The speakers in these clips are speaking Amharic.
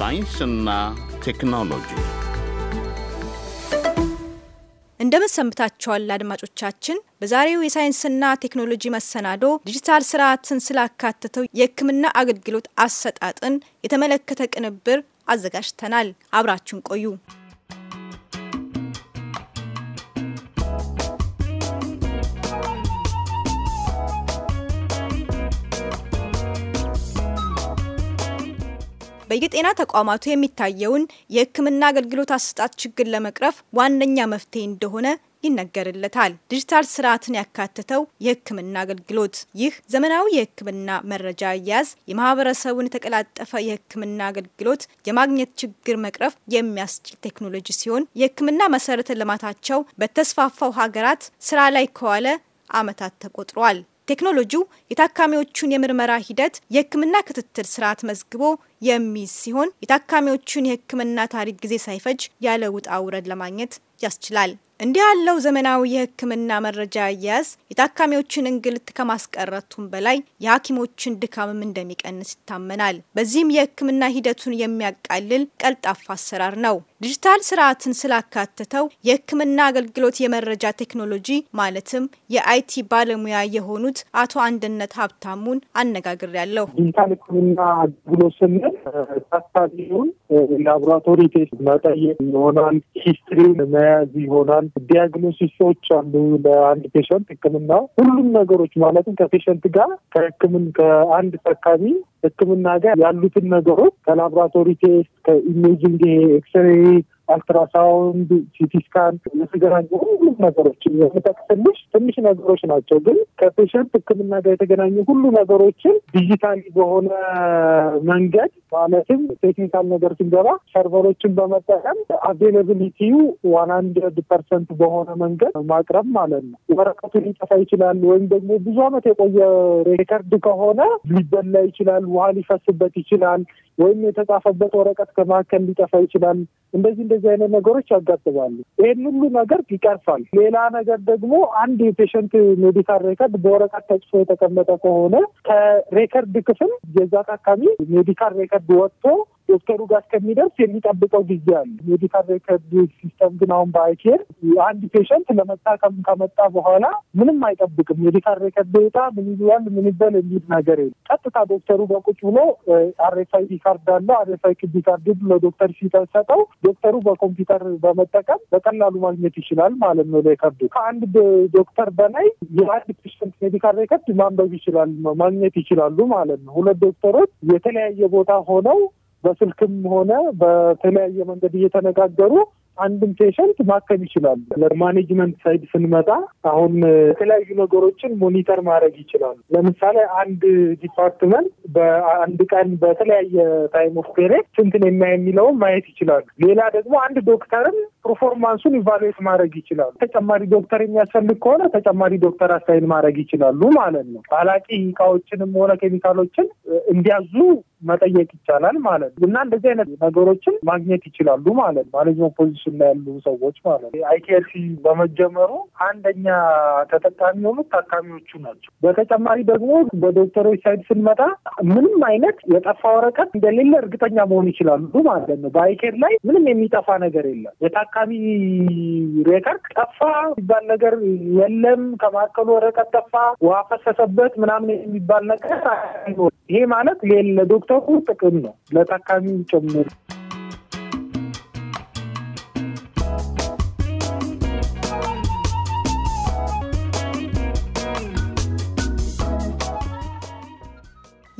ሳይንስና ቴክኖሎጂ እንደምን አድማጮቻችን። በዛሬው የሳይንስና ቴክኖሎጂ መሰናዶ ዲጂታል ስርዓትን ስላካተተው የሕክምና አገልግሎት አሰጣጥን የተመለከተ ቅንብር አዘጋጅተናል። አብራችን ቆዩ። በየጤና ተቋማቱ የሚታየውን የሕክምና አገልግሎት አሰጣጥ ችግር ለመቅረፍ ዋነኛ መፍትሄ እንደሆነ ይነገርለታል። ዲጂታል ስርዓትን ያካተተው የህክምና አገልግሎት ይህ ዘመናዊ የህክምና መረጃ አያያዝ የማህበረሰቡን የተቀላጠፈ የህክምና አገልግሎት የማግኘት ችግር መቅረፍ የሚያስችል ቴክኖሎጂ ሲሆን የህክምና መሰረተ ልማታቸው በተስፋፋው ሀገራት ስራ ላይ ከዋለ ዓመታት ተቆጥሯል። ቴክኖሎጂው የታካሚዎቹን የምርመራ ሂደት የህክምና ክትትል ስርዓት መዝግቦ የሚይዝ ሲሆን የታካሚዎቹን የሕክምና ታሪክ ጊዜ ሳይፈጅ ያለ ውጣ ውረድ ለማግኘት ያስችላል። እንዲህ ያለው ዘመናዊ የሕክምና መረጃ አያያዝ የታካሚዎችን እንግልት ከማስቀረቱም በላይ የሐኪሞችን ድካምም እንደሚቀንስ ይታመናል። በዚህም የሕክምና ሂደቱን የሚያቃልል ቀልጣፋ አሰራር ነው። ዲጂታል ስርዓትን ስላካተተው የሕክምና አገልግሎት የመረጃ ቴክኖሎጂ ማለትም የአይቲ ባለሙያ የሆኑት አቶ አንድነት ሀብታሙን አነጋግሬያለሁ። ዲጂታል ሕክምና አገልግሎት ስንል ይሆናል። ታሳቢውን ላቦራቶሪ ቴስት መጠየቅ ይሆናል። ሂስትሪ መያዝ ይሆናል። ዲያግኖሲሶች አሉ ለአንድ ፔሸንት ህክምና፣ ሁሉም ነገሮች ማለትም ከፔሸንት ጋር ከህክምን ከአንድ ታካሚ ህክምና ጋር ያሉትን ነገሮች ከላቦራቶሪ ቴስት ከኢሜጂንግ ኤክስሬ አልትራሳውንድ፣ ሲቲ ስካን የተገናኙ ሁሉም ነገሮች የምጠቅስልሽ ትንሽ ነገሮች ናቸው። ግን ከፔሸንት ሕክምና ጋር የተገናኙ ሁሉ ነገሮችን ዲጂታሊ በሆነ መንገድ ማለትም ቴክኒካል ነገር ሲንገባ ሰርቨሮችን በመጠቀም አቬይላብሊቲው ዋን ሀንድረድ ፐርሰንት በሆነ መንገድ ማቅረብ ማለት ነው። ወረቀቱ ሊጠፋ ይችላል፣ ወይም ደግሞ ብዙ አመት የቆየ ሬከርድ ከሆነ ሊበላ ይችላል፣ ውሃ ሊፈስበት ይችላል። ወይም የተጻፈበት ወረቀት ከመካከል ሊጠፋ ይችላል። እንደዚህ እንደዚህ አይነት ነገሮች ያጋጥማሉ። ይህን ሁሉ ነገር ይቀርፋል። ሌላ ነገር ደግሞ አንድ የፔሸንት ሜዲካል ሬከርድ በወረቀት ተጽፎ የተቀመጠ ከሆነ ከሬከርድ ክፍል የዛ ታካሚ ሜዲካል ሬከርድ ወጥቶ ዶክተሩ ጋር እስከሚደርስ የሚጠብቀው ጊዜ አለ። ሜዲካል ሬከርድ ሲስተም ግን አሁን በአይኬር አንድ ፔሸንት ለመታከም ከመጣ በኋላ ምንም አይጠብቅም። ሜዲካል ሬከርድ ይውጣ፣ ምን ይዟል፣ ምን ይበል የሚል ነገር የለም። ቀጥታ ዶክተሩ በቁጭ ብሎ አሬፋይ ዲካርድ አለ አሬፋይ ክዲ ካርድ ለዶክተር ሲሰጠው ዶክተሩ በኮምፒውተር በመጠቀም በቀላሉ ማግኘት ይችላል ማለት ነው ሬከርዱ ከአንድ ዶክተር በላይ የአንድ ፔሸንት ሜዲካል ሬከርድ ማንበብ ይችላል ማግኘት ይችላሉ ማለት ነው። ሁለት ዶክተሮች የተለያየ ቦታ ሆነው በስልክም ሆነ በተለያየ መንገድ እየተነጋገሩ አንድም ፔሸንት ማከም ይችላሉ። ለማኔጅመንት ሳይድ ስንመጣ አሁን የተለያዩ ነገሮችን ሞኒተር ማድረግ ይችላሉ። ለምሳሌ አንድ ዲፓርትመንት በአንድ ቀን በተለያየ ታይም ኦፍ ፔሬድ ስንትን የሚለውን ማየት ይችላሉ። ሌላ ደግሞ አንድ ዶክተርም ፐርፎርማንሱን ኢቫሉዌት ማድረግ ይችላሉ። ተጨማሪ ዶክተር የሚያስፈልግ ከሆነ ተጨማሪ ዶክተር አሳይን ማድረግ ይችላሉ ማለት ነው። ባላቂ እቃዎችንም ሆነ ኬሚካሎችን እንዲያዙ መጠየቅ ይቻላል ማለት ነው እና እንደዚህ አይነት ነገሮችን ማግኘት ይችላሉ ማለት ነው። ማኔጅመንት ፖዚሽን ላይ ያሉ ሰዎች ማለት ነው። አይቲኤልሲ በመጀመሩ አንደኛ ተጠቃሚ የሆኑት ታካሚዎቹ ናቸው። በተጨማሪ ደግሞ በዶክተሮች ሳይድ ስንመጣ ምንም አይነት የጠፋ ወረቀት እንደሌለ እርግጠኛ መሆን ይችላሉ ማለት ነው። በአይኬድ ላይ ምንም የሚጠፋ ነገር የለም። ታካሚ ሬከርድ ጠፋ የሚባል ነገር የለም። ከማዕከሉ ወረቀት ጠፋ፣ ውሃ ፈሰሰበት ምናምን የሚባል ነገር ይሄ ማለት ለዶክተሩ ጥቅም ነው ለታካሚ ጭምር።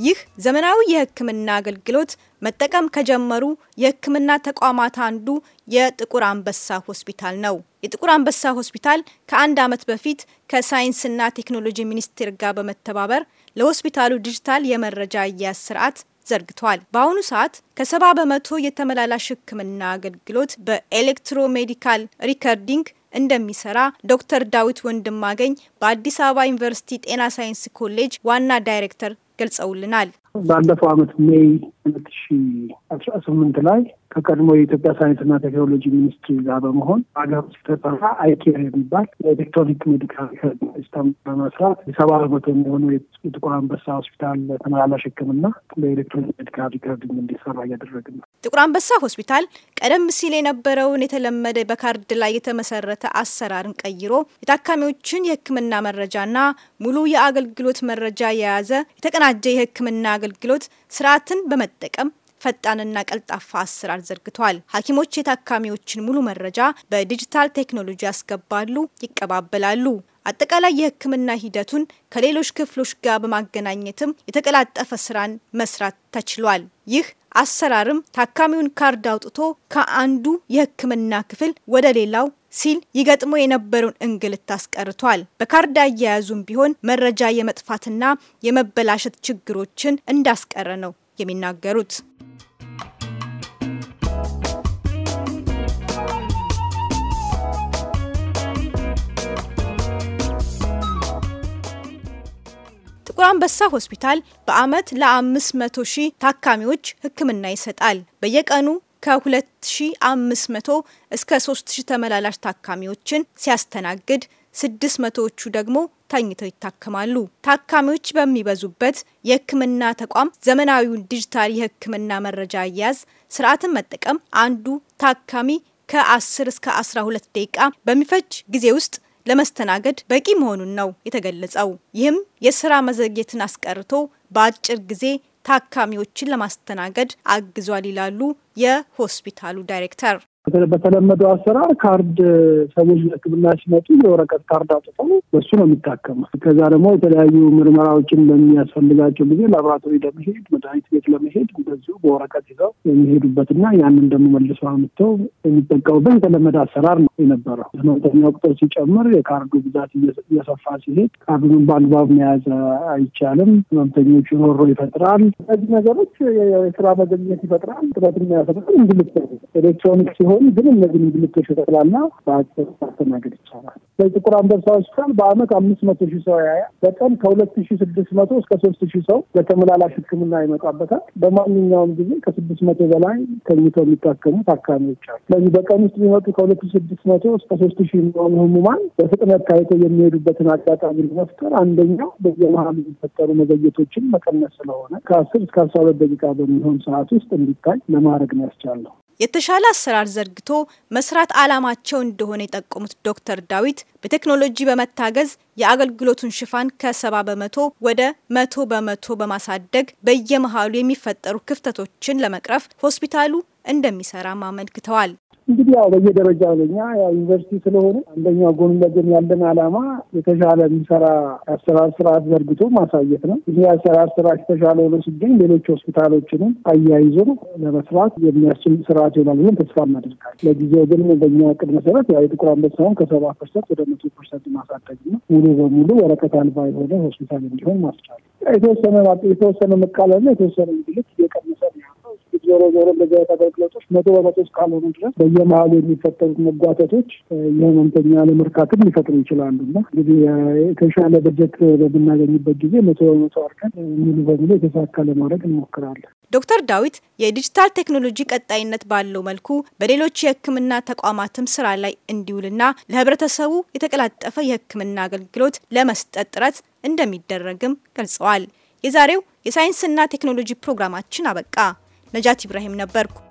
ይህ ዘመናዊ የህክምና አገልግሎት መጠቀም ከጀመሩ የህክምና ተቋማት አንዱ የጥቁር አንበሳ ሆስፒታል ነው። የጥቁር አንበሳ ሆስፒታል ከአንድ ዓመት በፊት ከሳይንስና ቴክኖሎጂ ሚኒስቴር ጋር በመተባበር ለሆስፒታሉ ዲጂታል የመረጃ አያያዝ ስርዓት ዘርግቷል። በአሁኑ ሰዓት ከሰባ በመቶ የተመላላሽ ህክምና አገልግሎት በኤሌክትሮሜዲካል ሪከርዲንግ እንደሚሰራ ዶክተር ዳዊት ወንድማገኝ በአዲስ አበባ ዩኒቨርሲቲ ጤና ሳይንስ ኮሌጅ ዋና ዳይሬክተር ገልጸውልናል። ባለፈው ዓመት ሜይ ሁለት ሺ አስራ ስምንት ላይ ከቀድሞ የኢትዮጵያ ሳይንስና ቴክኖሎጂ ሚኒስትሪ ጋር በመሆን ሀገር ውስጥ የተሰራ አይኬር የሚባል የኤሌክትሮኒክ ሜዲካል ሲስተም በመስራት የሰባ በመቶ የሚሆኑ የጥቁር አንበሳ ሆስፒታል ተመላላሽ ሕክምና በኤሌክትሮኒክ ሜዲካል ሪከርድ እንዲሰራ እያደረግን ነው። ጥቁር አንበሳ ሆስፒታል ቀደም ሲል የነበረውን የተለመደ በካርድ ላይ የተመሰረተ አሰራርን ቀይሮ የታካሚዎችን የሕክምና መረጃና ሙሉ የአገልግሎት መረጃ የያዘ የተቀናጀ የሕክምና አገልግሎት ስርዓትን በመጠቀም ፈጣንና ቀልጣፋ አሰራር ዘርግቷል። ሐኪሞች የታካሚዎችን ሙሉ መረጃ በዲጂታል ቴክኖሎጂ ያስገባሉ፣ ይቀባበላሉ። አጠቃላይ የሕክምና ሂደቱን ከሌሎች ክፍሎች ጋር በማገናኘትም የተቀላጠፈ ስራን መስራት ተችሏል። ይህ አሰራርም ታካሚውን ካርድ አውጥቶ ከአንዱ የሕክምና ክፍል ወደ ሌላው ሲል ይገጥሞ የነበረውን እንግልት አስቀርቷል። በካርድ አያያዙም ቢሆን መረጃ የመጥፋትና የመበላሸት ችግሮችን እንዳስቀረ ነው የሚናገሩት። ጥቁር አንበሳ ሆስፒታል በአመት ለ500 ሺህ ታካሚዎች ሕክምና ይሰጣል። በየቀኑ ከ2500 እስከ 3000 ተመላላሽ ታካሚዎችን ሲያስተናግድ 600ዎቹ ደግሞ ተኝተው ይታከማሉ። ታካሚዎች በሚበዙበት የህክምና ተቋም ዘመናዊውን ዲጂታል የህክምና መረጃ አያያዝ ስርዓትን መጠቀም አንዱ ታካሚ ከ10 እስከ 12 ደቂቃ በሚፈጅ ጊዜ ውስጥ ለመስተናገድ በቂ መሆኑን ነው የተገለጸው። ይህም የስራ መዘግየትን አስቀርቶ በአጭር ጊዜ ታካሚዎችን ለማስተናገድ አግዟል ይላሉ የሆስፒታሉ ዳይሬክተር። በተለመደው አሰራር ካርድ ሰዎች ለሕክምና ሲመጡ የወረቀት ካርድ አውጥተው በሱ ነው የሚታከመው። ከዛ ደግሞ የተለያዩ ምርመራዎችን በሚያስፈልጋቸው ጊዜ ላብራቶሪ ለመሄድ መድኃኒት ቤት ለመሄድ እንደዚሁ በወረቀት ይዘው የሚሄዱበትና ያንን ደግሞ መልሶ አምጥተው የሚጠቀሙበት የተለመደ አሰራር ነው የነበረው። ህመምተኛ ቁጥር ሲጨምር የካርዱ ብዛት እየሰፋ ሲሄድ ካርዱን በአግባብ መያዝ አይቻልም። ህመምተኞች ሮሮ ይፈጥራል። እነዚህ ነገሮች የስራ መገኘት ይፈጥራል። ጥረት የሚያሰራል እንግልት ኤሌክትሮኒክስ ቢሆን ግን እነዚህ እንግልቶች ጠቅላላ በአጭር ማስተናገድ ይቻላል። ስለዚህ ጥቁር አንበሳ ሆስፒታል በአመት አምስት መቶ ሺህ ሰው ያያ በቀን ከሁለት ሺህ ስድስት መቶ እስከ ሶስት ሺህ ሰው በተመላላሽ ሕክምና ይመጣበታል። በማንኛውም ጊዜ ከስድስት መቶ በላይ ተኝተው የሚታከሙ ታካሚዎች አሉ። ስለዚህ በቀን ውስጥ የሚመጡ ከሁለት ሺህ ስድስት መቶ እስከ ሶስት ሺህ የሚሆኑ ህሙማን በፍጥነት ታይተው የሚሄዱበትን አጋጣሚ ለመፍጠር አንደኛው በየመሀል የሚፈጠሩ መዘግየቶችን መቀነስ ስለሆነ ከአስር እስከ አስራ ሁለት ደቂቃ በሚሆን ሰዓት ውስጥ እንዲታይ ለማድረግ ነው ያስቻለው። የተሻለ አሰራር ዘርግቶ መስራት አላማቸው እንደሆነ የጠቆሙት ዶክተር ዳዊት በቴክኖሎጂ በመታገዝ የአገልግሎቱን ሽፋን ከሰባ በመቶ ወደ መቶ በመቶ በማሳደግ በየመሃሉ የሚፈጠሩ ክፍተቶችን ለመቅረፍ ሆስፒታሉ እንደሚሰራም አመልክተዋል። እንግዲህ ያው በየደረጃው ለኛ ያው ዩኒቨርሲቲ ስለሆነ አንደኛው ጎን ለጎን ያለን አላማ የተሻለ የሚሰራ የአሰራር ስርዓት ዘርግቶ ማሳየት ነው። ይህ የአሰራር ስርዓት የተሻለ ሆኖ ሲገኝ ሌሎች ሆስፒታሎችንም አያይዞ ለመስራት የሚያስችል ስርዓት ይሆናል ብለን ተስፋ እናደርጋለን። ለጊዜው ግን በኛ እቅድ መሰረት ያው የጥቁር አንበሳውን ከሰባ ፐርሰንት ወደ መቶ ፐርሰንት ማሳደግና ሙሉ በሙሉ ወረቀት አልባ የሆነ ሆስፒታል እንዲሆን ማስቻል የተወሰነ የተወሰነ መቃለልና የተወሰነ እንግልት እየቀ ዞሮ ዞሮ እንደዚህ አይነት አገልግሎቶች መቶ በመቶ እስካልሆኑ ድረስ በየመሀሉ የሚፈጠሩት መጓተቶች የህመምተኛ ለመርካትም ሊፈጥሩ ይችላሉ እና እንግዲህ የተሻለ በጀት በምናገኝበት ጊዜ መቶ በመቶ አድርገን ሙሉ በሙሉ የተሳካ ለማድረግ እንሞክራለን። ዶክተር ዳዊት የዲጂታል ቴክኖሎጂ ቀጣይነት ባለው መልኩ በሌሎች የህክምና ተቋማትም ስራ ላይ እንዲውልና ለህብረተሰቡ የተቀላጠፈ የህክምና አገልግሎት ለመስጠት ጥረት እንደሚደረግም ገልጸዋል። የዛሬው የሳይንስና ቴክኖሎጂ ፕሮግራማችን አበቃ። نجاتي إبراهيم ነበርኩ